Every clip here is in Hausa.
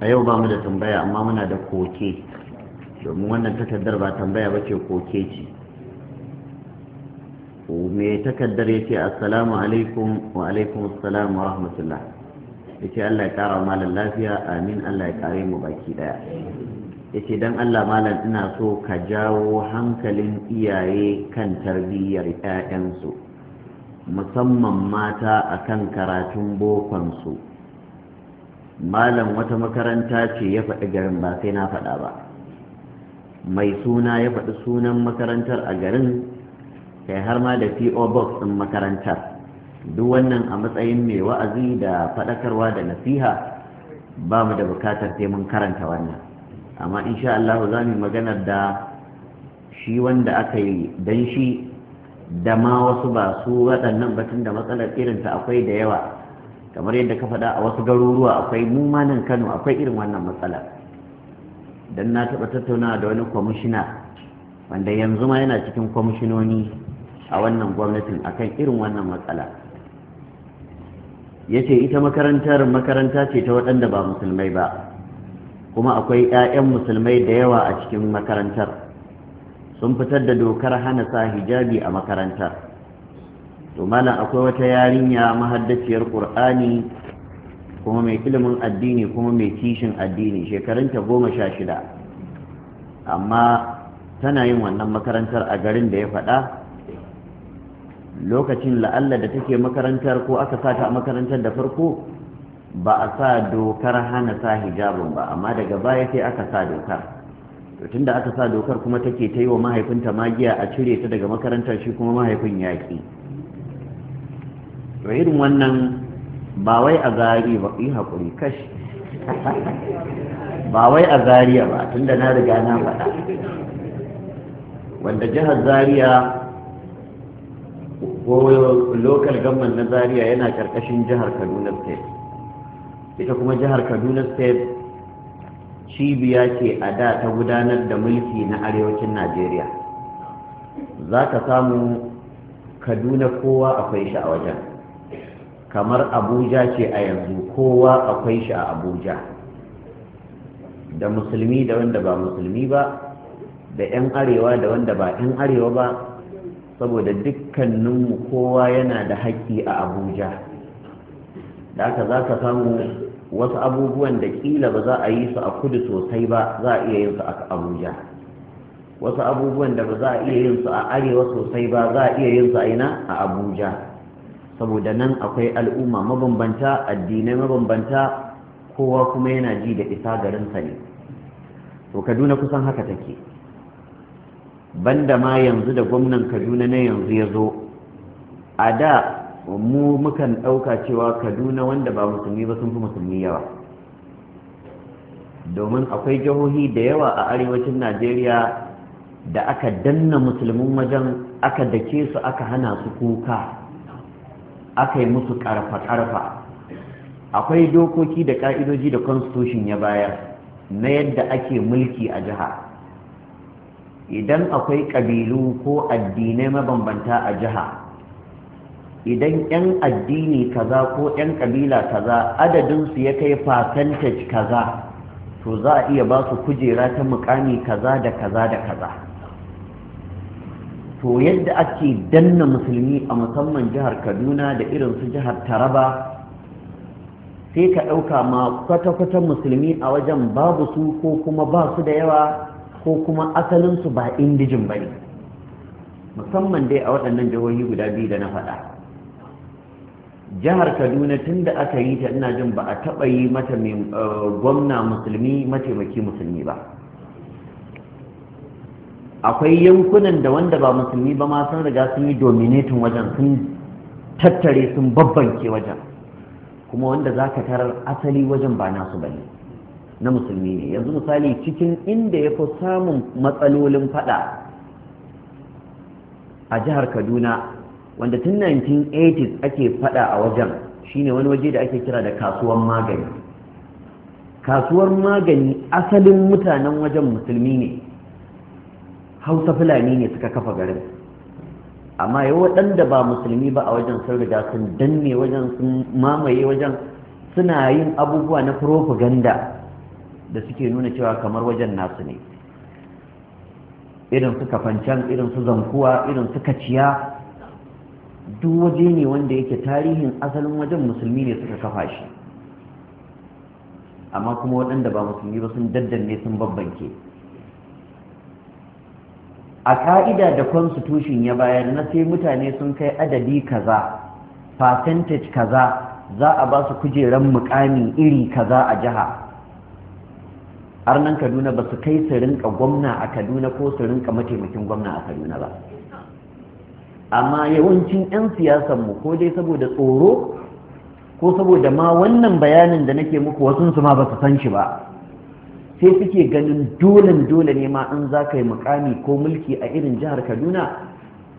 a yau ba mu da tambaya amma muna da koke domin wannan takardar ba tambaya ba ce koke ce me takardar ya ce assalamu alaikum wa alaikum assalam wa rahmatullah ya ce allah ya kara malam lafiya amin allah ya kare mu baki daya ya ce don allah malam ina so ka jawo hankalin iyaye kan tarbiyyar 'ya'yansu musamman mata akan karatun bokonsu malam wata makaranta ce ya faɗi garin ba sai na faɗa ba mai suna ya faɗi sunan makarantar a garin kai har ma da po box ɗin makarantar duk wannan a matsayin mai wa'azi da faɗakarwa da nasiha ba mu da bukatar sai mun karanta wannan amma insha Allah za mu maganar da shi wanda aka yi dan shi da ma wasu ba su waɗannan batun da matsalar irinta akwai da yawa kamar yadda ka faɗa a wasu garuruwa akwai mumanin Kano akwai irin wannan matsala dan na taɓa tattaunawa da wani kwamishina wanda yanzu ma yana cikin kwamishinoni a wannan gwamnatin akan irin wannan matsala yace ita makarantar makaranta ce ta waɗanda ba musulmai ba kuma akwai 'ya'yan musulmai da yawa a cikin makarantar sun fitar da dokar hana sa hijabi a makarantar to malam akwai wata yarinya mahaddaciyar qur'ani kuma mai ilimin addini kuma mai kishin addini shekarunta goma sha shida amma tana yin wannan makarantar a garin da ya faɗa lokacin la'alla da take makarantar ko aka sa ta makarantar da farko ba a sa dokar hana sa hijabin ba amma daga baya sai aka sa dokar to tunda aka sa dokar kuma take ta yi wa mahaifinta magiya a cire ta daga makarantar shi kuma mahaifin yaƙi to irin wannan ba wai a zari ba yi haƙuri kashi ba wai a zariya ba tunda na riga na faɗa wanda jihar zariya ko local government na zariya yana ƙarƙashin jihar kaduna state ita kuma jihar kaduna state cibiya ce a da ta gudanar da mulki na arewacin najeriya za ka samu kaduna kowa akwai shi a wajen kamar abuja ce a yanzu kowa akwai shi a abuja da musulmi da wanda ba musulmi ba da 'yan arewa da wanda ba 'yan arewa ba saboda dukkaninmu kowa yana da haƙƙi a abuja da aka za ka samu wasu abubuwan da ƙila ba za a yi su a kudu sosai ba za a iya yin su a abuja wasu abubuwan da ba za a iya yin su a arewa sosai ba za a iya yin su a ina a abuja saboda nan akwai al'umma mabambanta addinai mabambanta kowa kuma yana ji da isa garinsa ne to kaduna kusan haka take banda ma yanzu da gwamnan kaduna na yanzu ya zo a da mu mukan ɗauka cewa kaduna wanda ba musulmi ba sun fi musulmi yawa domin akwai jihohi da yawa a arewacin najeriya da aka danna musulmin wajen aka dake su aka hana su kuka aka yi musu karfa ƙarfa akwai dokoki da ƙa'idoji da constitution ya bayar na yadda ake mulki a jiha idan akwai ƙabilu ko addinai mabambanta a jiha idan 'yan addini kaza ko 'yan ƙabila kaza adadinsu ya kai percentage kaza to za a iya ba su kujera ta mukami kaza da kaza da kaza to yadda ake danna musulmi a musamman jihar kaduna da irin su jihar taraba sai ka ɗauka ma kwata-kwata musulmi a wajen babu su ko kuma ba su da yawa ko kuma asalinsu ba indijin ba ne musamman dai a waɗannan jihohi guda biyu da na faɗa jihar kaduna tun da aka yi ta ina jin ba a taɓa yi mata eh, gwamna musulmi mataimaki musulmi ba akwai yankunan da wanda ba musulmi ba ma sun riga sun yi dominatin wajen sun tattare sun babbanke wajen kuma wanda za ka tarar asali wajen ba nasu ba ne na musulmi ne yanzu misali cikin inda ya fi samun matsalolin fada a jihar kaduna wanda tun 1980s ake fada a wajen shine wani waje da ake kira da kasuwar magani kasuwar magani asalin mutanen wajen musulmi ne hausa fulani ne suka kafa garin amma yi waɗanda ba musulmi ba a wajen sun riga sun danne wajen sun mamaye wajen suna yin abubuwa na propaganda da suke nuna cewa kamar wajen nasu ne irin su kafancan irin su zankuwa irin su kaciya duk waje ne wanda yake tarihin asalin wajen musulmi ne suka kafa shi amma kuma waɗanda ba musulmi ba sun daddanne sun babbanke a ka'ida da constitution ya bayar na sai mutane sun kai adadi kaza percentage kaza za a ba su kujeran mukami iri kaza a jiha arnan kaduna ba su kai su rinka gwamna a kaduna ko su rinka mataimakin gwamna a kaduna ba amma yawancin 'yan siyasanmu ko dai saboda tsoro ko saboda ma wannan bayanin da nake muku wasu su ma ba su san shi ba sai suke ganin dole dole ne ma in za ka yi mukami ko mulki a irin jihar kaduna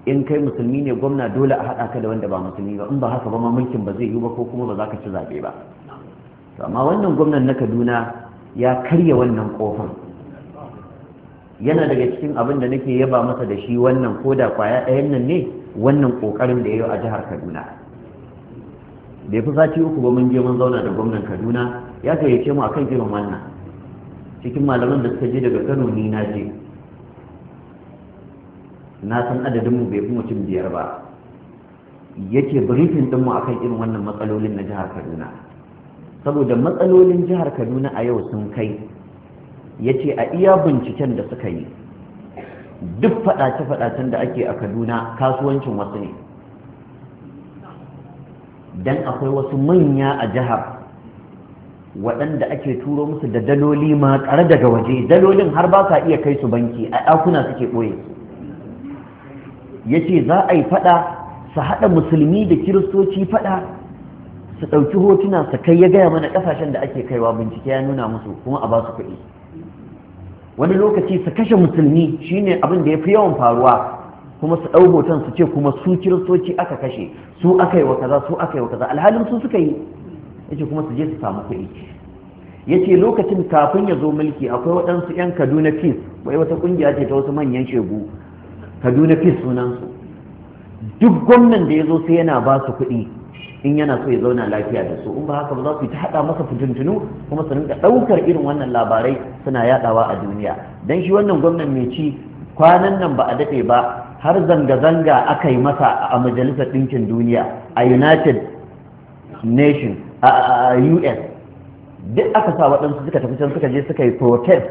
in kai musulmi ne gwamna dole a haɗa ka da wanda ba musulmi ba in ba haka ba ma mulkin ba zai yi ba ko kuma ba za ka ci zaɓe ba amma wannan gwamnan na kaduna ya karya wannan ƙofar yana daga cikin abin da nake yaba masa da shi wannan ko da kwaya ɗayan nan ne wannan ƙoƙarin da ya yi a jihar kaduna bai fi sati uku ba mun je mun zauna da gwamnan kaduna ya gayyace mu akan irin wannan cikin malaman da suka je daga kano ni na je na san adadin mu bai fi mutum biyar ba yake birifin din mu akan irin wannan matsalolin na jihar kaduna saboda matsalolin jihar kaduna a yau sun kai yace a iya binciken da suka yi duk faɗace-faɗacen da ake a kaduna kasuwancin wasu ne don akwai wasu manya a jihar waɗanda ake turo musu da daloli makare daga waje dalolin har ba sa iya kai su banki a ɗakuna suke ɓoye ya ce za a yi faɗa su haɗa musulmi da kiristoci faɗa su ɗauki hotuna su kai ya gaya mana ƙasashen da ake kaiwa bincike ya nuna musu kuma a ba su kuɗi wani lokaci su kashe musulmi shine abin da ya fi yawan faruwa kuma su ɗau hoton su ce kuma su kiristoci aka kashe su aka yi wa kaza su aka yi wa kaza alhalin su suka yi yace kuma su je su samu kuɗi yace lokacin kafin ya zo mulki akwai waɗansu 'yan kaduna fis wai wata ƙungiya ce ta wasu manyan shegu kaduna fis sunansu duk gwamnan da ya zo sai yana ba su kuɗi in yana so ya zauna lafiya da su in ba haka ba za su ta haɗa masa fitintunu kuma su rinka ɗaukar irin wannan labarai suna yaɗawa a duniya dan shi wannan gwamnan mai ci kwanan nan ba a daɗe ba har zanga-zanga aka yi masa a majalisar ɗinkin duniya a united nations a un duk aka sa waɗansu suka tafi can suka je suka yi protest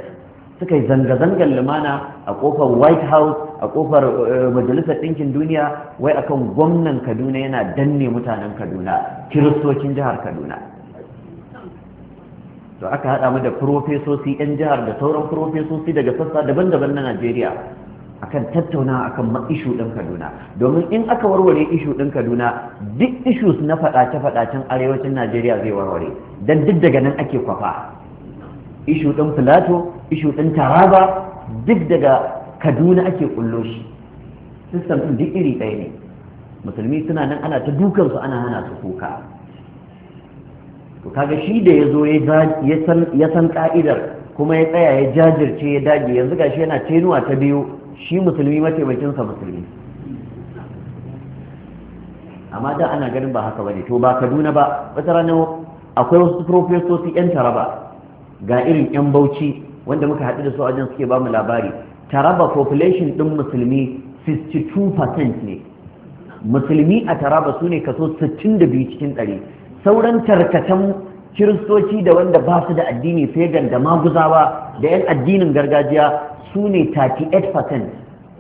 suka yi zanga zangan lumana a kofar white house a kofar eh, majalisar ɗinkin duniya wai akan gwamnan kaduna yana danne mutanen kaduna kiristocin jihar kaduna to aka haɗa mu da Profesosi 'yan jihar da sauran Profesosi daga sassa daban-daban na najeriya akan tattauna akan ishu ɗin kaduna domin in aka warware ishu ɗin kaduna duk issues na faɗace-faɗacen arewacin najeriya zai warware don duk daga nan ake kwafa ishu ɗin filato ishu ɗin taraba duk daga kaduna ake kullo shi sistem ɗin duk iri ɗaya ne musulmi suna nan ana ta dukansu ana hana su kuka to kaga shi da ya zo ya san ka'idar kuma ya tsaya ya jajirce ya dage yanzu gashi yana tenuwa ta biyu shi musulmi mataimakinsa musulmi amma da ana ganin ba haka bane to ba kaduna ba wata rana akwai wasu profesoci yan taraba ga irin yan bauchi wanda muka haɗu da su a suke ba mu labari taraba population ɗin musulmi 62% ne musulmi a taraba su ne kaso 62 cikin ɗari sauran tarkatan kiristoci da wanda ba su da addini sai ganda maguzawa da 'yan addinin gargajiya su ne 38%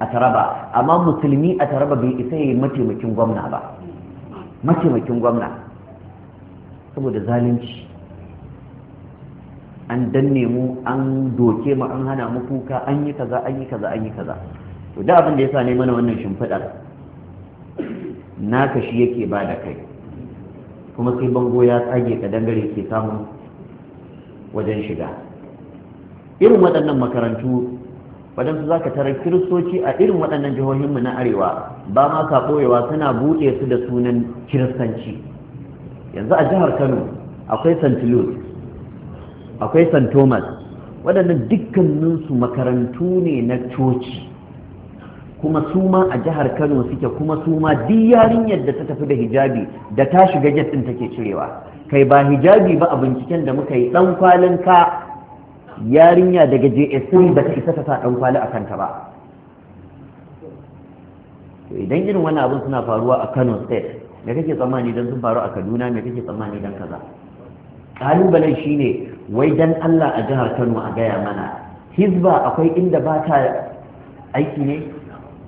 a taraba amma musulmi a taraba bai isa yi mataimakin gwamna ba mataimakin gwamna saboda zalunci an danne mu an doke mu an hana mu kuka an yi kaza an yi kaza an yi kaza to da abin da yasa ne mana wannan shimfiɗar naka shi yake ba da kai kuma sai bango ya tsage ka dangare ke samun wajen shiga irin waɗannan makarantu waɗansu za ka tarar kiristoci a irin waɗannan jihohinmu na arewa ba ma ka ɓoyewa tana buɗe su da sunan kiristanci yanzu a jihar kano akwai st louis akwai st thomas waɗannan dukkaninsu makarantu ne na coci kuma su ma a jihar kano suke kuma su ma duk yarinyar da ta tafi da hijabi da ta shiga jet ɗin take cirewa kai ba hijabi ba a binciken da muka yi ɗan kwalin ka yarinya daga JSC ba ta isa ta sa ɗan kwali a kanta ba idan irin wani abin suna faruwa a Kano State me kake tsammani don sun faru a Kaduna me kake tsammani don kaza kalubalen shine wai dan Allah a jihar Kano a gaya mana hizba akwai inda ba ta aiki ne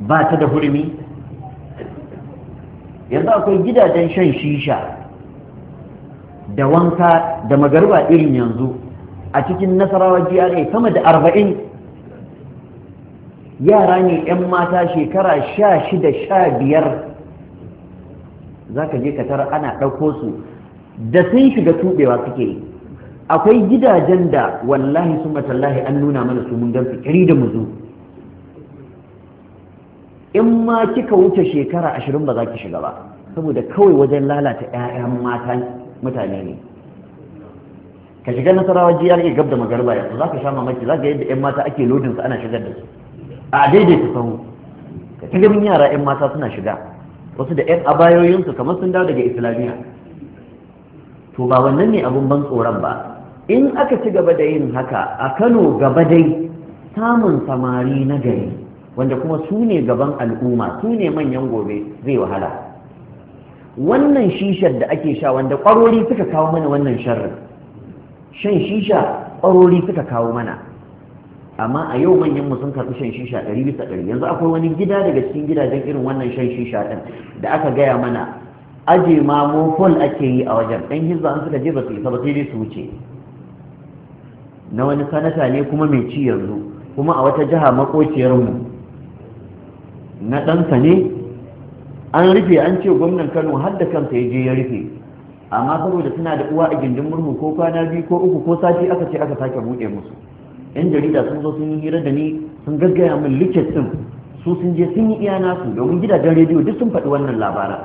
ba ta da hurumi? yanzu akwai gidajen shan shisha da wanka da magarba irin yanzu a cikin nasarawa GRA sama da arba'in yara ne 'yan mata shekara sha shida sha biyar za ka je ka tara ana ɗauko su da sun shiga tuɓewa suke akwai gidajen da wallahi su matallahi an nuna mana su mun gan fikiri da muzu in ma kika wuce shekara ashirin ba za ki shiga ba saboda kawai wajen lalata 'ya'yan mata mutane ne ka shiga nasarawa GRA gab da magarba yanzu za ka sha mamaki za ka yadda 'yan mata ake lodin su ana shigar da su a daidaita sahu ka ta min yara 'yan mata suna shiga wasu da 'yan abayoyinsu kamar sun dawo daga islamiyya to ba wannan ne abun ban tsoron ba in aka ci gaba da yin haka a kano gaba dai samun samari na gari wanda kuma su ne gaban al'umma su ne manyan gobe zai wahala wannan shishar da ake sha wanda kwarori suka kawo mana wannan sharrin shan shisha ƙwarori suka kawo mana amma a yau manyan mu sun karɓi shan shisha ɗari bisa ɗari yanzu akwai wani gida daga cikin gidajen irin wannan shan shisha ɗin da aka gaya mana aje ma mofol ake yi a wajen ɗan hizba an suka je ba su isa ba sai dai su wuce na wani sanata ne kuma mai ci yanzu kuma a wata jiha makociyarmu na ɗansa ne an rufe an ce gwamnan kano har da kansa ya je ya rufe amma saboda suna da uwa a gindin murhu ko kwana biyu ko uku ko sati aka ce aka sake buɗe musu yan jarida sun zo sun yi hira da ni sun gaggaya min likit din su sun je sun yi iya nasu domin gidajen rediyo duk sun faɗi wannan labaran.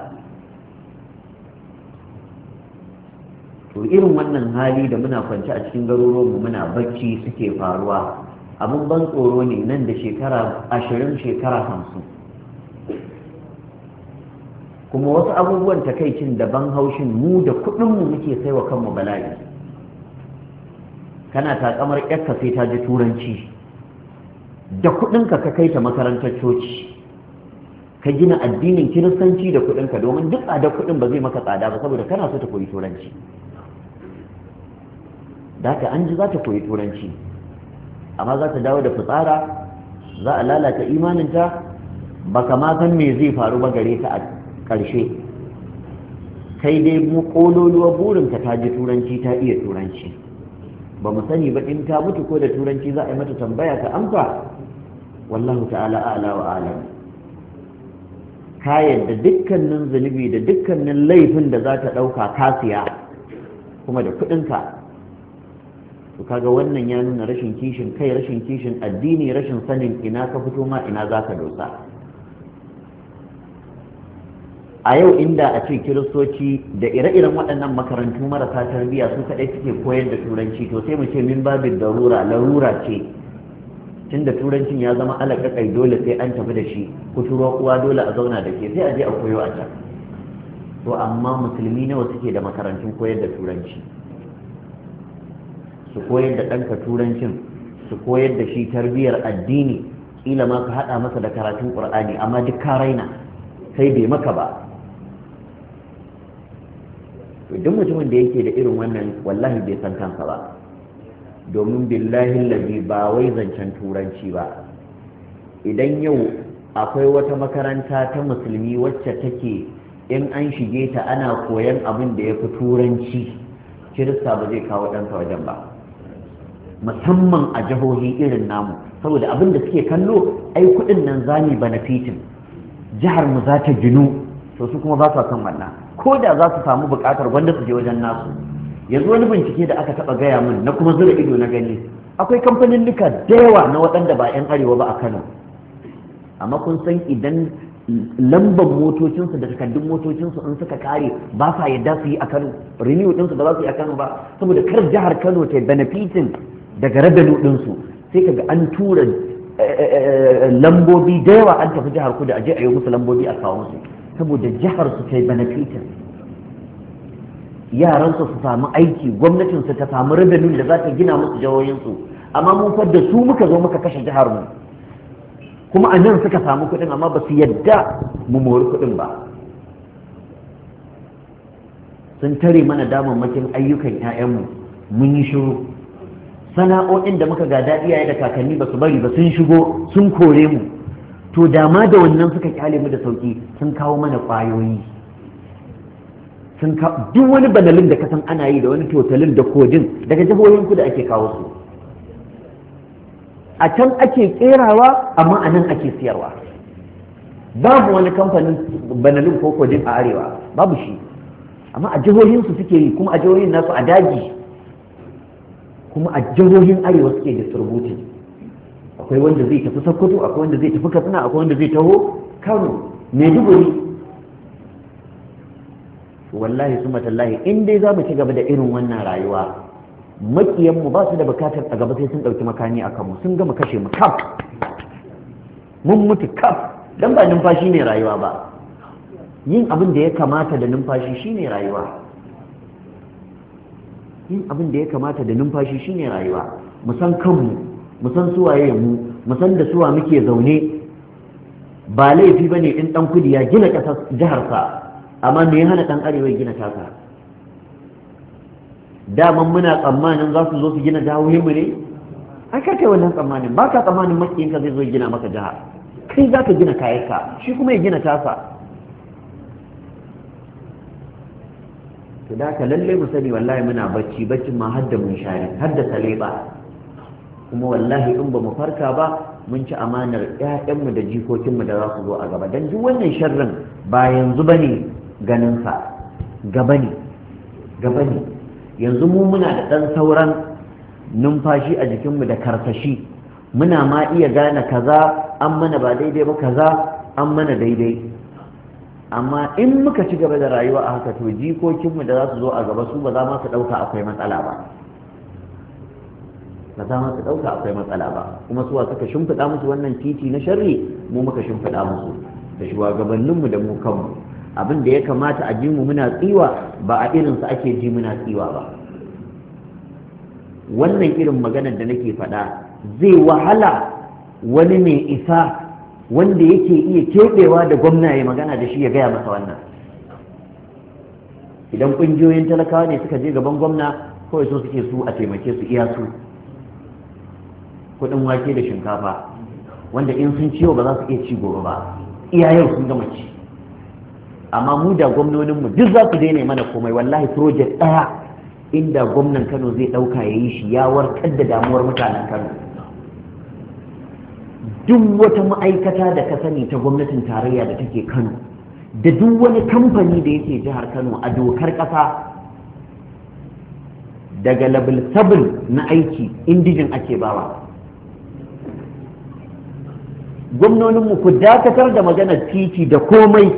to irin wannan hali da muna kwance a cikin garuruwanmu muna bacci suke faruwa abin ban tsoro ne nan da shekara ashirin shekara hamsin kuma wasu abubuwan takaicin da ban haushin mu da kuɗinmu muke saiwa kanmu bala'i kana takamar yakka sai ta ji turanci da kuɗinka ka kai ta makarantar coci ka gina addinin kiristanci da kuɗinka domin duk tsada kuɗin ba zai maka tsada ba saboda kana so ta koyi turanci da ka an ji za ta koyi turanci amma za ta dawo da fitsara za a lalata imaninta baka ma san me zai faru ba gare ta ƙarshe kai dai mu kololuwa burinka ta ji turanci ta iya turanci ba mu sani ba in ta mutu ko da turanci za a yi mata tambaya ta amsa wallahu ta'ala a'la wa alam ka yadda dukkanin zunubi da dukkanin laifin da za ta ɗauka kasiya kuma da kuɗinka to kaga wannan ya nuna rashin kishin kai rashin kishin addini rashin sanin ina ka fito ma ina za ka dosa a yau inda a ce kiristoci da ire-iren waɗannan makarantu marasa tarbiyya su kaɗai suke koyar da turanci to sai mu ce min babin darura larura ce tunda turancin ya zama alaƙaƙai dole sai an tafi da shi kuturo kuwa dole a zauna da ke sai a je a koyo a can to amma musulmi nawa suke da makarantun koyar da turanci su koyar da ɗanka turancin su koyar da shi tarbiyyar addini ƙila ma su haɗa masa da karatun ƙur'ani amma duk ka raina sai bai maka ba duk mutumin da yake da irin wannan wallahi bai san kansa ba domin billahi lazi ba wai zancen turanci ba idan yau akwai wata makaranta ta musulmi wacce take in an shige ta ana koyan abin da ya fi turanci kirista ba zai kawo ɗansa wajen ba musamman a jihohi irin namu saboda abin da suke kallo ai kuɗin nan zami benefitin jihar mu za ta ginu to su kuma ba sa son wannan ko da za su samu buƙatar wanda su je wajen nasu yanzu wani bincike da aka taɓa gaya min na kuma zura ido na gani akwai kamfanin duka da yawa na waɗanda ba 'yan arewa ba a kano amma kun san idan lambar motocinsu da takardun motocinsu in suka kare ba sa yadda su yi a kano renew ɗinsu ba za su yi a kano ba saboda kar jihar kano ta benefitin daga rabenu ɗinsu sai ka ga an tura eh, eh, eh, lambobi da yawa an tafi jihar kudu a je a yi musu lambobi a kawo su saboda jihar su kai benefitin yaransu su samu aiki gwamnatinsu ta samu rabinin da za ta gina musu jawoyinsu, amma mun fadda su muka zo muka kashe jihar mu kuma anan nan suka samu kuɗin amma ba su yadda mu mori kuɗin ba sun tare mana damammakin ayyukan 'ya'yanmu mun yi shiru sana'o'in da muka ga gada iyaye da kakanni ba su bari ba sun shigo sun kore mu to dama da wannan suka kyale mu da sauki sun kawo mana kwayoyi sun duk wani banalin da kasan ana yi da wani totalin da kodin daga jihohin da ake kawo su a can ake kerawa amma a nan ake siyarwa babu wani kamfanin banalin ko kodin a arewa babu shi amma a jihohin su suke yi kuma a jihohin nasu a daji kuma a jihohin arewa suke distributing akwai wanda zai tafi sokoto akwai wanda zai tafi katsina akwai wanda zai taho kano maiduguri wallahi su matallahi in dai za mu ci gaba da irin wannan rayuwa makiyanmu ba su da bukatar a gaba sai sun ɗauki makani a kanmu sun gama kashe mu kaf mun mutu kaf don ba numfashi ne rayuwa ba yin abin da ya kamata da numfashi shine rayuwa yin abin da ya kamata da numfashi shine rayuwa mu san kanmu mu san suwaye mu mu san da suwa muke zaune ba laifi bane in dan kudi ya gina kasar jiharsa amma me ya hana dan arewa gina tasa daman muna tsammanin za su zo su gina mu ne an ka kai wannan tsammanin ba ka tsammanin ka zai zo gina maka jaha kai za ka gina kayanka shi kuma ya gina tasa to da ka lalle mu sani wallahi muna bacci baccin ma hadda mun share hadda saleba kuma wallahi in ba mu farka ba mun ci amanar ƴaƴanmu da jikokinmu da za su zo a gaba don duk wannan sharrin ba yanzu ba ne ganinsa gaba ne gaba ne yanzu mu muna da ɗan sauran numfashi a jikinmu da karsashi muna ma iya gane kaza an mana ba daidai ba kaza an mana daidai amma in muka ci gaba da rayuwa a haka to jikokinmu da za su zo a gaba su ba za ma su ɗauka akwai matsala ba Ka za ka ɗauka akwai matsala ba kuma suwa suka shimfiɗa musu wannan titi na sharri mu muka shimfiɗa musu da shugabanninmu da mu kanmu abin da ya kamata a ji mu muna tsiwa ba a irinsa ake ji muna tsiwa ba wannan irin maganar da nake faɗa zai wahala wani mai isa wanda yake iya keɓewa da gwamna ya magana da shi ya gaya masa wannan idan ƙungiyoyin talakawa ne suka je gaban gwamna kawai so suke su a taimake su iya su Kuɗin wake da shinkafa wanda in sun ciwo ba za su iya ci gobe ba iya yau sun gama ci amma mu da gwamnoninmu duk za ku daina mana komai wallahi project ɗaya inda gwamnan kano zai ɗauka ya yi shi ya warkar da damuwar mutanen kano duk wata ma'aikata da ka sani ta gwamnatin tarayya da take kano da duk wani kamfani da yake jihar kano a dokar ƙasa daga level 7 na aiki indijin ake bawa gwamnoninmu ku dakatar da maganar titi da komai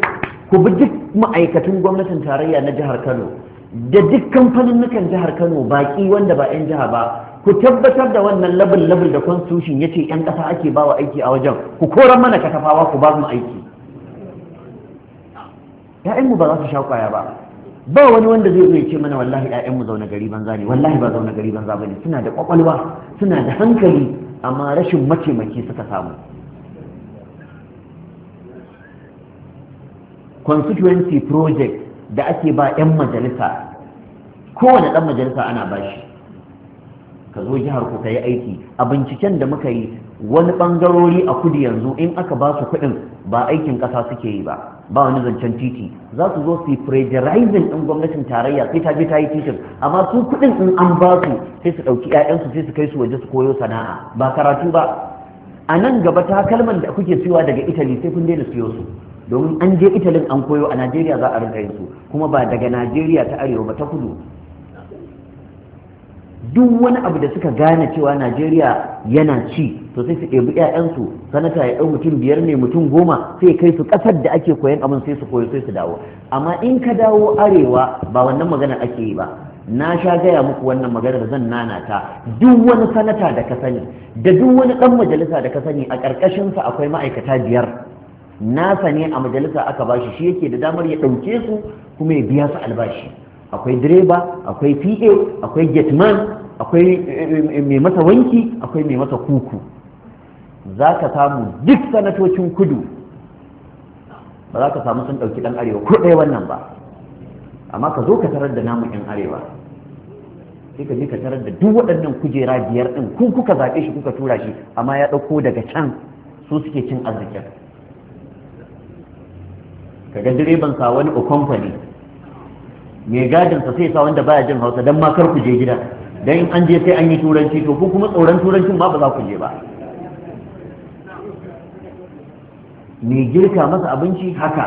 ku bi duk ma'aikatan gwamnatin tarayya na jihar kano da duk nukan jihar kano baki wanda ba 'yan jiha ba ku tabbatar da wannan labul labul da constitution ya ce 'yan ƙasa ake wa aiki a wajen ku koran mana katafawa ku ba mu aiki ‘ya'yanmu ba za su sha kwaya ba ba wani wanda zai zo ya ce mana wallahi ‘ya'yanmu zaune gari banza ne wallahi ba zaune gari banza ba ne suna da kwakwalwa suna da hankali amma rashin mataimaki suka samu constituency project da ake ba 'yan majalisa kowane ɗan majalisa ana bashi ka zo jihar ku ka yi aiki a binciken da muka yi wani ɓangarori a kudu yanzu in aka ba su kuɗin ba aikin ƙasa suke yi ba ba wani zancen titi za su zo su pressurizing ɗin gwamnatin tarayya sai ta je ta yi titin amma su kuɗin in an ba su sai su ɗauki 'ya'yansu sai su kai su waje su koyo sana'a ba karatu ba a nan gaba takalman da kuke siyowa daga italy sai kun daina siyo su domin an je italin an koyo a najeriya za a rinka yin su kuma ba daga najeriya ta arewa ba ta kudu duk wani abu da suka gane cewa najeriya yana ci to sai su ɗebi 'ya'yansu sanata ya mutum biyar ne mutum goma sai kai su ƙasar da ake koyan abin sai su koyo sai su dawo amma in ka dawo arewa ba wannan magana ake yi ba na sha gaya muku wannan maganar zan ta duk wani sanata da ka sani da duk wani ɗan majalisa da ka sani a ƙarƙashinsa akwai ma'aikata biyar nasa ne a majalisa aka bashi shi yake da damar ya ɗauke su kuma ya biya su albashi akwai direba akwai pa akwai getman akwai eh, eh, mai masa wanki akwai mai masa kuku za ka samu duk sanatocin kudu ba za ka samu sun ɗauki ɗan arewa ko ɗaya wannan ba amma ka zo ka tarar da namu 'yan arewa sai ka je ka tarar da duk waɗannan kujera biyar ɗin ku kuka zaɓe shi kuka tura shi amma ya ɗauko daga can su suke cin arzikin kaga direban sa wani okonfa ne mai gadin sa sai sa wanda baya jin hausa dan ma kar ku je gida dan in an je sai an yi turanci to ku kuma tsoron turancin ma ba za ku je ba mai girka masa abinci haka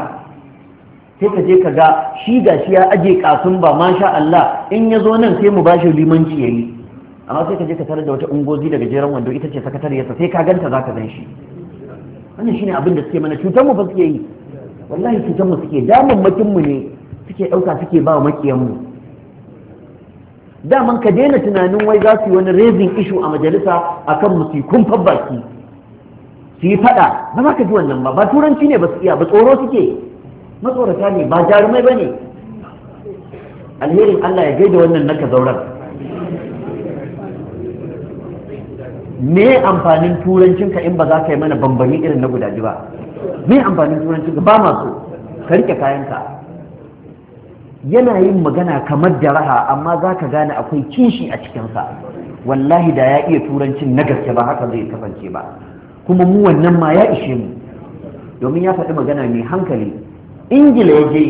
sai ka je ka ga shi ga shi ya aje kafin ba masha Allah in ya zo nan sai mu bashi limanci yayi amma sai ka je ka tarar da wata ungozi daga jeran wando ita ce sakatariyarsa sai ka ganta za ka gan shi wannan shine abin da suke mana cutar mu ba suke yi wallahi su mu suke damun makinmu ne suke ɗauka suke ba makiyanmu. mu daman ka daina tunanin wai za su yi wani raising issue a majalisa a kan su kun fabbaki su yi faɗa ba za ka ji wannan ba ba turanci ne ba su iya ba tsoro suke matsorata ne ba jarumai ba ne alherin Allah ya gaida wannan naka zauran. me amfanin turancinka in ba za ka yi mana bambani irin na gudaji ba mai amfanin turanci ba masu ka rike kayanka yana yin magana kamar da raha amma za ka gane akwai kishi a cikinsa wallahi da ya iya turancin na gaske ba haka zai kasance ba kuma mu wannan ma ya ishe mu domin ya faɗi magana mai hankali ingila ya je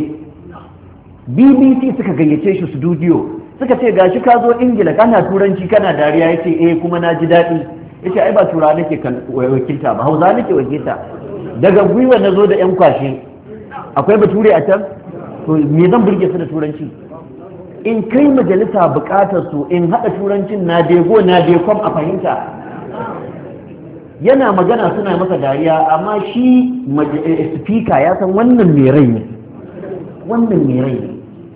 bbc suka gayyace shi studio suka ce gashi ka zo ingila kana turanci kana dariya yace eh kuma na ji daɗi ya ce ai ba turawa nake wakilta ba Hauza nake wakilta daga gwiwa na zo da yan kwashe akwai bature a can to me zan burge su da turanci in kai majalisa bukatar su in haɗa turancin na dego na dekom a fahimta yana magana suna masa dariya amma shi eh, eh, spika ya san wannan mai rai ne wannan mai rai ne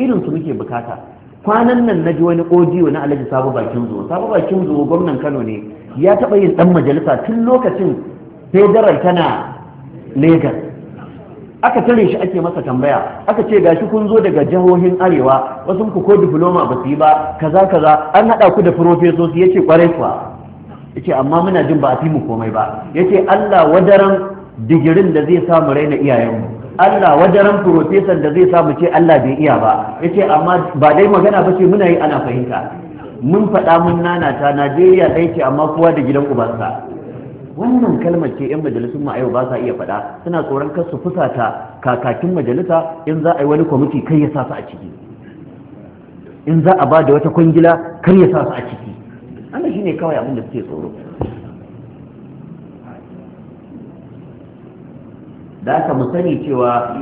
irin su muke bukata kwanan nan na ji wani audio na alhaji sabo bakin zuwa sabo bakin zuwa gwamnan kano ne ya taɓa yin ɗan majalisa tun lokacin federal tana Legas aka tare shi ake masa tambaya aka ce ga shi kun zo daga jihohin arewa wasu ku ko diploma ba su yi ba kaza kaza an haɗa ku da ya ce kwarai kuwa yace amma muna jin ba a fi mu komai ba ya ce Allah wadaran digirin da zai samu raina iyayenmu Allah wadaran profesan da zai samu ce Allah bai iya ba yace amma ba dai magana ba ce muna yi ana fahimta mun faɗa mun ta Najeriya ɗaya ce amma kowa da gidan ubansa wannan kalmar ke yan majalisun ma yau ba sa iya faɗa suna tsoron kar su fusata kakakin majalisa in za a yi wani kwamiti kai ya sa su a ciki in za a ba da wata kwangila kar ya sa su a ciki Allah shine kawai abin da suke tsoro da aka mu sani cewa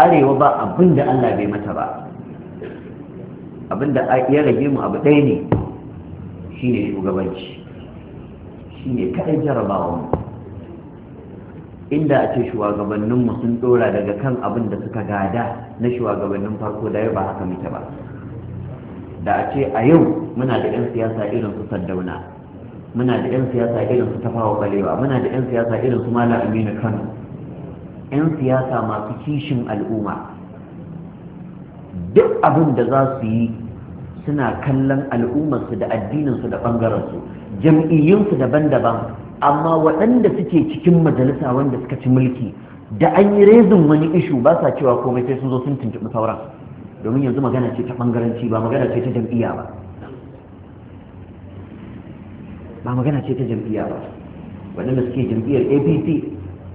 arewa ba abin da Allah bai mata ba abin da ya rage mu abu ɗaya ne shine shugabanci shi ne kaɗai jarabawa mu inda a ce shugabanninmu sun ɗora daga kan abin da suka gada na shugabannin farko da yau ba haka muke ba da a ce a yau muna da 'yan siyasa irin su saddauna muna da 'yan siyasa irin su tafawa balewa muna da 'yan siyasa irin su malam aminu kano 'yan siyasa masu kishin al'umma duk abin da za su yi suna kallon al'ummarsu da addininsu da ɓangarensu jam'iyyunsu daban-daban amma waɗanda suke cikin majalisa wanda suka ci mulki da an yi rezin wani ishu ba sa cewa komai sai sun zo sun tuntuɓi sauran domin yanzu magana ce ta ɓangaranci ba magana ce ta jam'iyya ba ba magana ce ta jam'iyya ba waɗanda suke jam'iyyar apc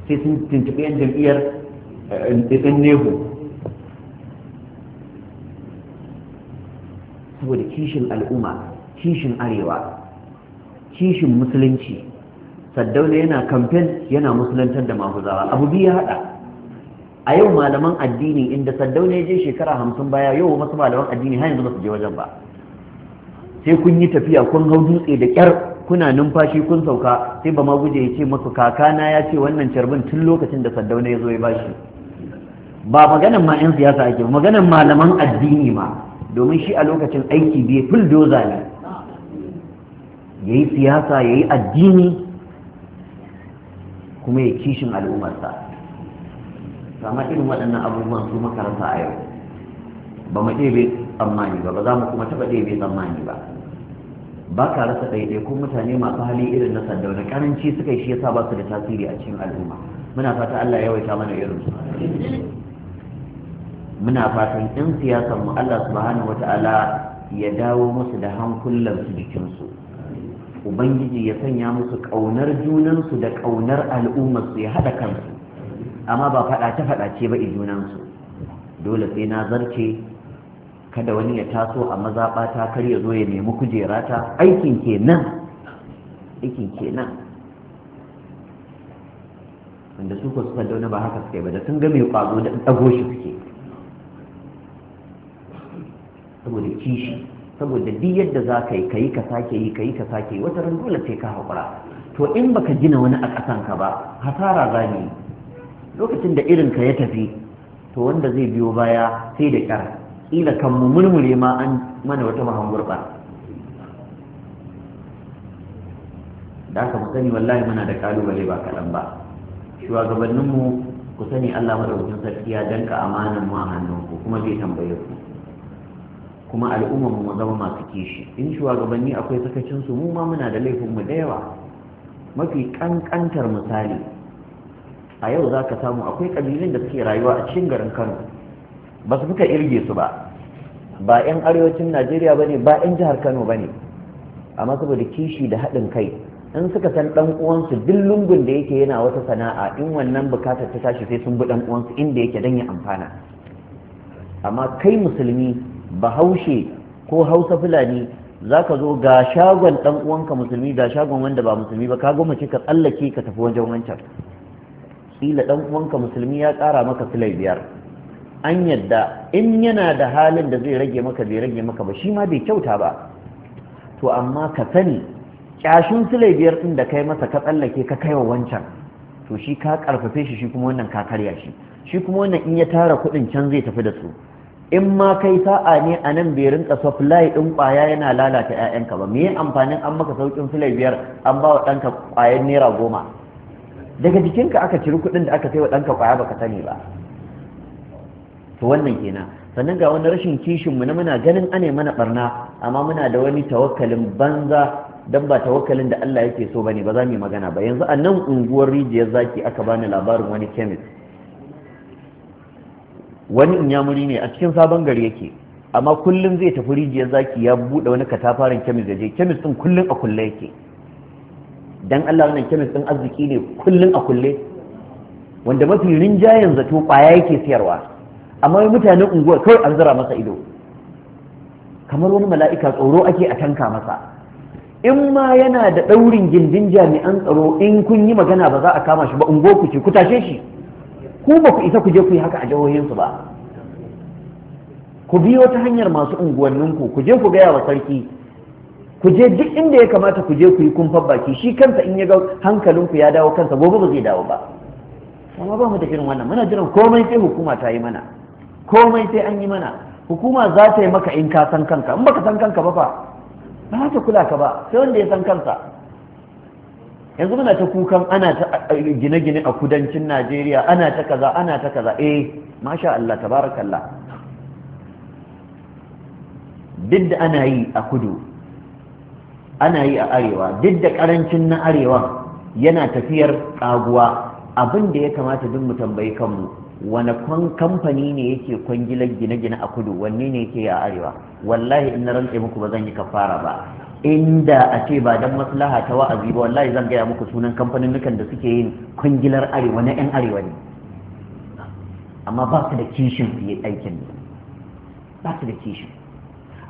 sai sun tuntuɓi yan jam'iyyar ɗan eh, nehu saboda kishin al'umma kishin arewa kishin musulunci saddauna yana kamfen yana musulantar da mahuzawa abu biyu ya haɗa a yau malaman addini inda saddauna ya je shekara hamsin baya yau masu malaman addini har yanzu ba su je wajen ba sai kun yi tafiya kun hau dutse da kyar kuna numfashi kun sauka sai ba ma guje ya ce masu kakana ya ce wannan carbin tun lokacin da saddauna ya zo ya bashi ba maganan ma 'yan siyasa ake ba maganan malaman addini ma domin shi a lokacin aiki biye fuldoza ne ya yi siyasa ya yi addini kuma ya kishin al'ummarsa sama irin waɗannan abubuwan su makaranta a yau ba mu ɗebe tsammani ba ba za mu kuma taɓa ɗebe tsammani ba ba ka rasa ɗaiɗaikun mutane masu hali irin na sanda wani ƙaranci suka yi shi yasa ba su da tasiri a cikin al'umma muna fata Allah ya waita mana irin su muna fatan in siyasar mu Allah subhanahu ta'ala ya dawo musu da hankulan su ubangiji ya sanya musu kaunar junansu da ƙaunar al'ummarsu ya haɗa kansu amma ba faɗace faɗace ba junansu dole sai na zarce kada wani ya taso a ta kar ya zo ya nemi kujerata aikin kenan aikin kenan wanda su ko suka dauna ba haka suke ba da sun ga mai kwazo da ɗago shi suke saboda kishi saboda duk yadda za ka yi ka yi ka sake yi ka yi ka sake yi wata dole sai ka haƙura to in baka gina wani a ƙasanka ba hasara za ne lokacin da irin ka ya tafi to wanda zai biyo baya sai da ƙyar ƙila kan mu murmure ma an mana wata mahan gurɓa da aka sani wallahi muna da kalubale ba kaɗan ba shugabanninmu ku sani allah maɗaukin sarki ya danka amanan mu a hannunku kuma zai tambaye ku kuma al'ummar mu zama masu kishi in shugabanni akwai sakacin su mu ma muna da laifin mu da yawa mafi kankantar misali a yau za ka samu akwai kabilun da suke rayuwa a cikin garin kano ba su fita irge su ba ba 'yan arewacin najeriya ba ne ba 'yan jihar kano ba ne amma saboda kishi da haɗin kai in suka san ɗan uwansu duk lungun da yake yana wata sana'a in wannan bukatar ta tashi sai sun bi ɗan uwansu inda yake don ya amfana amma kai musulmi bahaushe ko hausa fulani za ka zo ga shagon ɗan uwanka musulmi ga shagon wanda ba musulmi ba ka goma ka tsallake ka tafi wajen wancan ƙila ɗan uwanka musulmi ya ƙara maka filai biyar an yadda in yana da halin da zai rage maka bai rage maka ba shi ma bai kyauta ba to amma ka sani ƙyashin filai biyar ɗin da kai masa ka tsallake ka kai wa wancan to shi ka ƙarfafe shi shi kuma wannan ka karya shi shi kuma wannan in ya tara kuɗin can zai tafi da su in ma kai sa'a ne a nan bai rinka supply ɗin ƙwaya yana lalata 'ya'yanka ba me amfanin an maka sauƙin filai biyar an ba wa ɗanka ƙwayar naira goma daga jikinka aka ciri kuɗin da aka kai wa ɗanka ƙwaya baka sani ba to wannan kenan sannan ga wani rashin kishin mu na muna ganin ane mana barna amma muna da wani tawakkalin banza dan ba tawakkalin da Allah yake so bane ba za mu yi magana ba yanzu a nan unguwar rijiyar zaki aka bani labarin wani chemist wani inyamuri ne a cikin sabon gari yake amma kullum zai tafi rijiyar zaki ya buɗe wani katafarin kemis gaje je kemis ɗin kullum a kulle yake dan Allah wannan kemis ɗin arziki ne kullum a kulle wanda mafi rinjayen zato ƙwaya yake siyarwa amma mutanen unguwar kawai an zara masa ido kamar wani mala'ika tsoro ake a tanka masa in ma yana da ɗaurin gindin jami'an tsaro in kun yi magana ba za a kama shi ba unguwa ku ce ku tashe shi ku ba ku isa ku je ku yi haka a jihohinsu ba ku biyo ta hanyar masu unguwanninku ku je ku gaya wa sarki ku je duk inda ya kamata ku je ku yi kumfan baki shi kansa in ya ga hankalinku ya dawo kansa gobe ba zai dawo ba amma ba mu da irin wannan muna jiran komai sai hukuma ta yi mana komai sai an yi mana hukuma za ta yi maka in ka san kanka in baka san kanka ba fa ba ta kula ka ba sai wanda ya san kansa yanzu muna ta kukan ana ta gine-gine a kudancin najeriya ana ta kaza ana ta kaza eh masha Allah tabarakallah duk da ana yi a kudu ana yi a arewa duk da karancin na arewa yana tafiyar kaguwa abin da ya kamata duk mu tambayi kanmu wane kamfani ne yake kwangilar gine-gine a kudu wanne ne yake a arewa wallahi in na rantse muku ba zan yi kafara ba inda a ce ba don maslaha ta wa'azi ba wallahi zan gaya muku sunan kamfanin nukan da suke yin kungilar arewa na 'yan arewa ne amma ba su da kishin fiye aikin ne ba su da kishin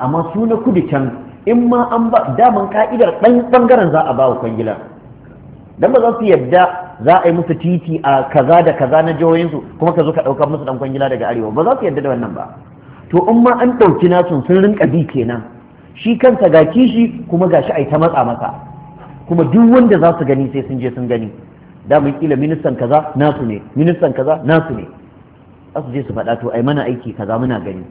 amma su na kudu can in ma an ba daman ka'idar ɗan ɓangaren za a ba wa kwangilar don ba za su yadda za a yi musu titi a kaza da kaza na jihohinsu kuma ka zo ka ɗaukar musu ɗan kwangila daga arewa ba za su yadda da wannan ba to in ma an ɗauki nasu sun rinka bi kenan shi kansa ga kishi kuma ga shi aita matsa masa kuma duk wanda za su gani sai sun je sun gani da mu kila ministan kaza nasu ne ministan kaza nasu ne za su je su faɗa to ai mana aiki kaza muna gani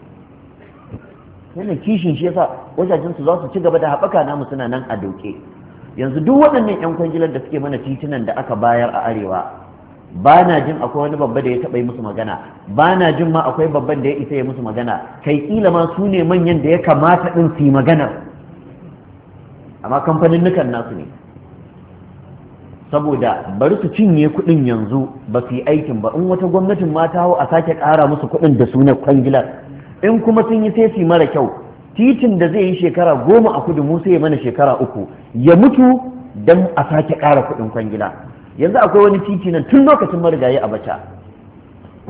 wannan kishin shi yasa wajajen su za su ci gaba da haɓaka namu suna nan a doke yanzu duk waɗannan 'yan kwangilar da suke mana titunan da aka bayar a arewa ba na jin akwai wani babba da ya taɓa yi musu magana ba na jin ma akwai babban da ya isa ya musu magana kai kila ma su ne manyan da ya kamata ɗin su yi maganar amma kamfanin nukan nasu ne saboda bari su cinye kuɗin yanzu ba su yi aikin ba in wata gwamnatin ma ta hau a sake ƙara musu kuɗin da sunan kwangilar in kuma sun yi sai su mara kyau titin da zai yi shekara goma a kudu mu sai ya mana shekara uku ya mutu don a sake ƙara kuɗin kwangila yanzu akwai wani titi nan tun lokacin marigayi abacha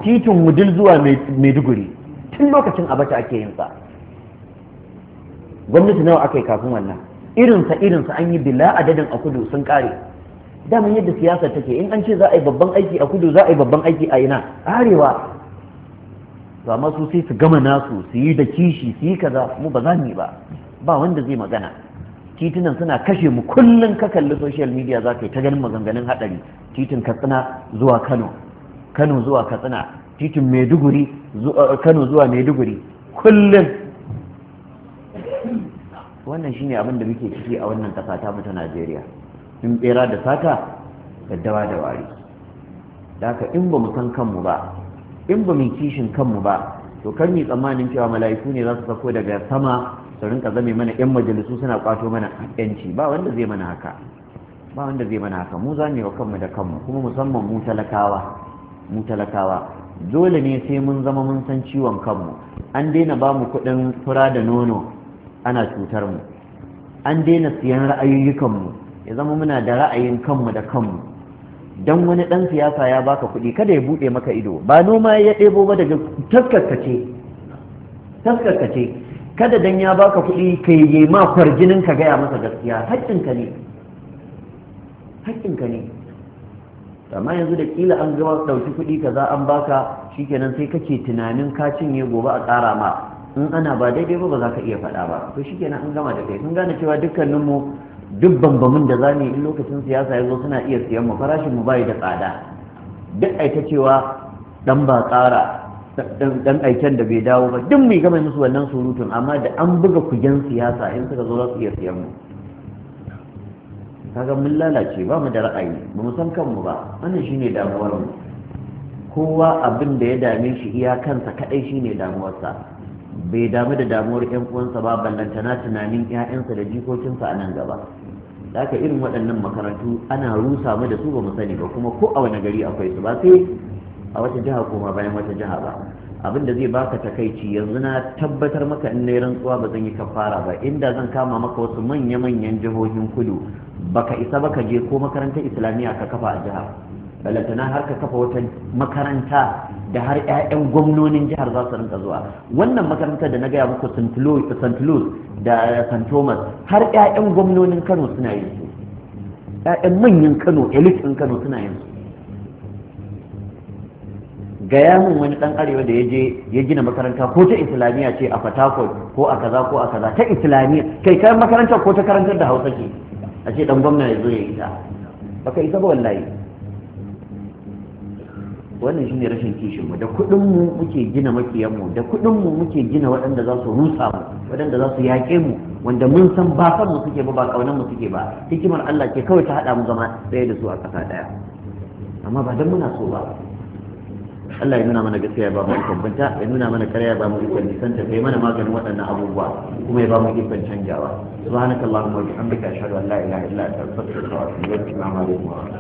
titin wudil zuwa maiduguri tun lokacin abacha ake yin sa gwamnati nawa aka yi kafin wannan irinsa irinsa an yi bila adadin a kudu sun kare daman yadda siyasa take in an ce za a yi babban aiki a kudu za a yi babban aiki a ina arewa to amma su sai su gama nasu su yi da kishi su yi kaza mu ba za mu yi ba ba wanda zai magana titunan suna kashe mu kullum ka kalli social media za ka yi ta ganin maganganun haɗari titin katsina zuwa kano kano zuwa katsina titin maiduguri eh, kano zuwa maiduguri kullum wannan shine abin da muke ciki a wannan ƙasa ta mu ta najeriya in bera da sata daddawa da wari da in ba mu san kanmu ba in ba mu kishin kanmu ba to kan yi tsammanin cewa mala'iku ne za su sako daga sama su rinka zame mana yan majalisu suna kwato mana yanci ba wanda zai mana haka ba wanda zai mana haka mu zame wa kanmu da kanmu kuma musamman mu talakawa mu talakawa dole ne sai mun zama mun san ciwon kanmu an daina ba mu kuɗin fura da nono ana cutar mu an daina siyan mu ya zama muna da ra'ayin kanmu da kanmu dan wani dan siyasa ya baka kuɗi kada ya buɗe maka ido ba noma ya ɗebo ba daga taskarkace taskarkace kada dan ya baka kuɗi ka yi ma kwarjinin ka gaya masa gaskiya haƙƙinka ne haƙƙinka ne amma yanzu da kila an ga ɗauki kuɗi za an baka shikenan sai kake tunanin ka cinye gobe a ƙara ma in ana ba daidai ba ba za ka iya faɗa ba to shikenan an gama da kai sun gane cewa dukkaninmu duk bambamin da za mu yi in lokacin siyasa ya zo suna iya siyan mu farashin mu bai da tsada duk aita cewa dan ba tsara dan aiken da bai dawo ba duk mai gama musu wannan surutun amma da an buga kujen siyasa in suka zo za su iya siyan mu kaga mun lalace ba mu da ra'ayi ba mu san kanmu ba wannan shine damuwar mu kowa abin da ya dame shi iya kansa kadai shine damuwarsa bai damu da damuwar yan uwansa ba lantana tunanin ƴaƴansa da jikokinsa a nan gaba da irin waɗannan makarantu ana rusa mu da su ba mu sani ba kuma ko a wani gari akwai su ba sai a wata jiha koma bayan wata jiha ba abin da zai baka takaici yanzu na tabbatar maka in na yi rantsuwa ba zan yi kafara ba inda zan kama maka wasu manya-manyan jihohin kudu baka isa baka je ko makarantar islamiyya ka kafa a jiha balantana har ka kafa wata makaranta da har 'ya'yan gwamnonin jihar za su rinka zuwa wannan makarantar da na gaya muku st louis da st thomas har 'ya'yan gwamnonin kano suna yin su 'ya'yan manyan kano elite kano suna yin su gaya min wani dan arewa da yaje ya gina makaranta ko ta islamiyya ce a fatako ko a kaza ko a kaza ta islamiyya kai kayan makaranta ko ta karantar da hausa ce a ce dan gwamna ya zo ya ita baka isa ba wallahi wannan shine rashin kishin mu da kudin mu muke gina makiyan mu da kudin mu muke gina waɗanda za su rusa mu waɗanda za su yaƙe mu wanda mun san ba san mu suke ba ba kaunan mu suke ba hikimar Allah ke kawai ta hada mu zama ɗaya da su a ƙasa daya amma ba dan muna so ba Allah ya nuna mana gaskiya ba mu ikon banta ya nuna mana karya ba mu ikon nisanta kai mana maganin waɗannan abubuwa kuma ya ba mu ikon canjawa subhanakallahumma wa bihamdika ashhadu an la ilaha illa anta astaghfiruka wa atubu ilaik